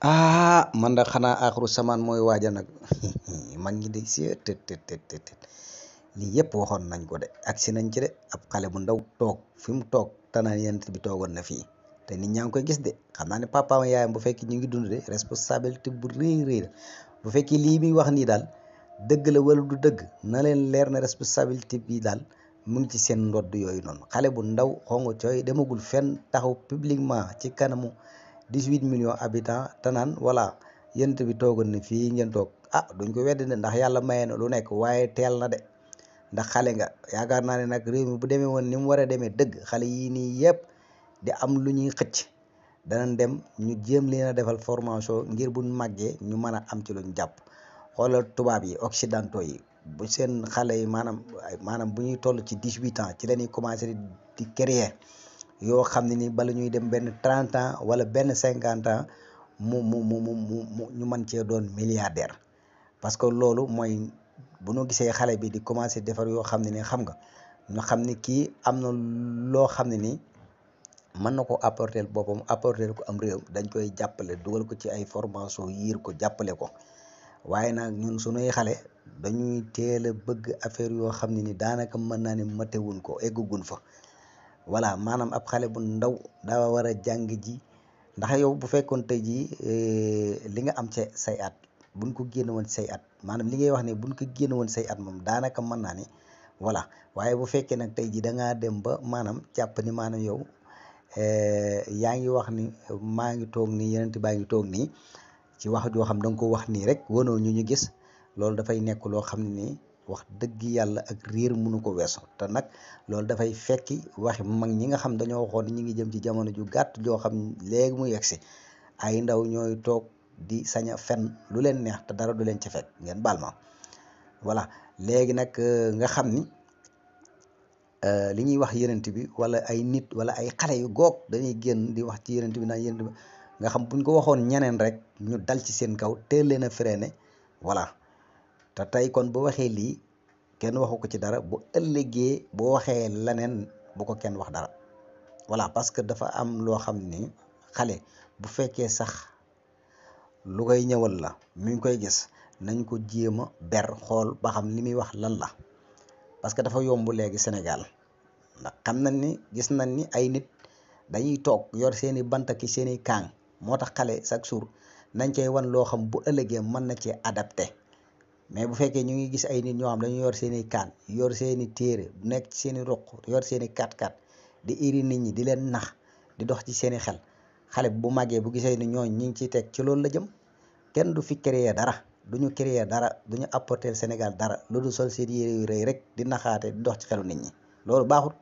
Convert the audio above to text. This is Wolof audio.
ah man da xanaa aaxiru samaan mooy waaja nag man ngi de si tët tët lii yëpp waxoon nañ ko de si nañ ci de ab xale bu ndaw toog fi mu toog tanaan yent bi toogoon na fii te nit ñaa ngi koy gis de xam naa ne papaam yaayam bu fekkee ñu ngi dund de responsabilité bu rëy rëy la bu fekki lii muy wax nii daal dëgg la wala du dëgg na leen leer na responsabilité bii daal mu ngi ci seen ndodd yooyu noonu xale bu ndaw xongo cooy demagul fenn taxaw publiquement ci kanamu 18 million habitants te naan voilà yent bi toogoon na fii ngeen toog ah duñ ko weddi ne ndax yàlla maye na lu nekk waaye teel na de ndax xale nga yaakaar naa ne nag réew mi bu demee woon ni mu war a demee dëgg xale yii nii yëpp di am lu ñuy xëcc danañ dem ñu jéem leen a defal formation ngir bu màggee ñu mën a am ci luñ jàpp xoolal tubaab yi occidentaux yi bu seen xale yi maanaam maanaam bu ñuy toll ci dix-huit ans ci la ñuy commencé di créer yoo xam ne ni bala ñuy dem benn trente ans wala benn cinquante ans mu mu mu mu mu ñu mën cee doon milliardaire parce que loolu mooy bu ñu gisee xale bi di commencé defar yoo xam ne ni xam nga ñu xam ne kii am na loo xam ne nii mën na ko apporter boppam apporter ko am réew dañ koy jàppale dugal ko ci ay formation yiir ko jàppale ko waaye nag ñun sunuy xale dañuy teel bëgg affaire yoo xam ne ni daanaka mën naa ne matewuñ ko eggugun fa voilà maanaam ab xale bu ndaw daa war a jàng ji ndax yow bu fekkoon tey jii eh, li nga am ca say at buñ ko génn woon say at maanaam li ngay wax ne buñ ko génn woon say at moom daanaka mën naa ne voilà waaye bu fekkee nag tey jii da ngaa dem ba maanaam jàpp ni maanaam yow eh, yaa ngi wax ni maa ngi toog nii yeneen baa ngi toog nii ci wax joo xam da nga ko wax nii rek wanoo ñu ñu gis loolu dafay nekk loo xam ne nii wax dëgg yàlla ak réer mënu ko weesu te nag loolu dafay fekki waxi mag ñi nga xam dañoo waxoon ñi ngi jëm ci jamono ju gàtt joo xam léegi mu yegg yegsi ay ndaw ñooy toog di sañ fen lu leen neex te dara du leen ci fekk ngeen baal ma voilà léegi nag euh, nga xam ni euh, li ñuy wax yeneent bi wala ay nit wala ay xale yu goog dañuy génn di wax ci yonent bi naan yonent nga xam buñ ko waxoon ñeneen rek ñu dal ci seen kaw teel leen a freiné voilà te tey kon bu waxee lii kenn waxu ko ci dara bu ëllëgee boo waxee leneen bu ko kenn wax dara voilà parce que dafa am loo xam ni xale bu fekkee sax lu koy ñëwal la mi koy gis nañ ko jéem a ber xool ba xam li muy wax lan la parce que dafa yomb léegi Sénégal ndax xam na ni gis na ni ay nit dañuy toog yor seeni bant ki seeni kaang moo tax xale chaque jour nañ cey wan loo xam bu ëllëgee mën na cee adapté mais bu fekkee ñu ngi gis ay nit ñoo xam dañu yor seeni i kaan yor seeni téere téere nekk ci seeni i ruq yor seeni i kat di iri nit ñi di leen nax di dox ci seen i xel xale bu màggee bu gisee ni ñooñ ñu ngi ciy teg ci loolu la jëm kenn du fi créer dara du ñu créer dara du ñu apporter Sénégal dara lu du sol seen yére yu rëy rek di naxaate di dox ci xelu nit ñi loolu baaxut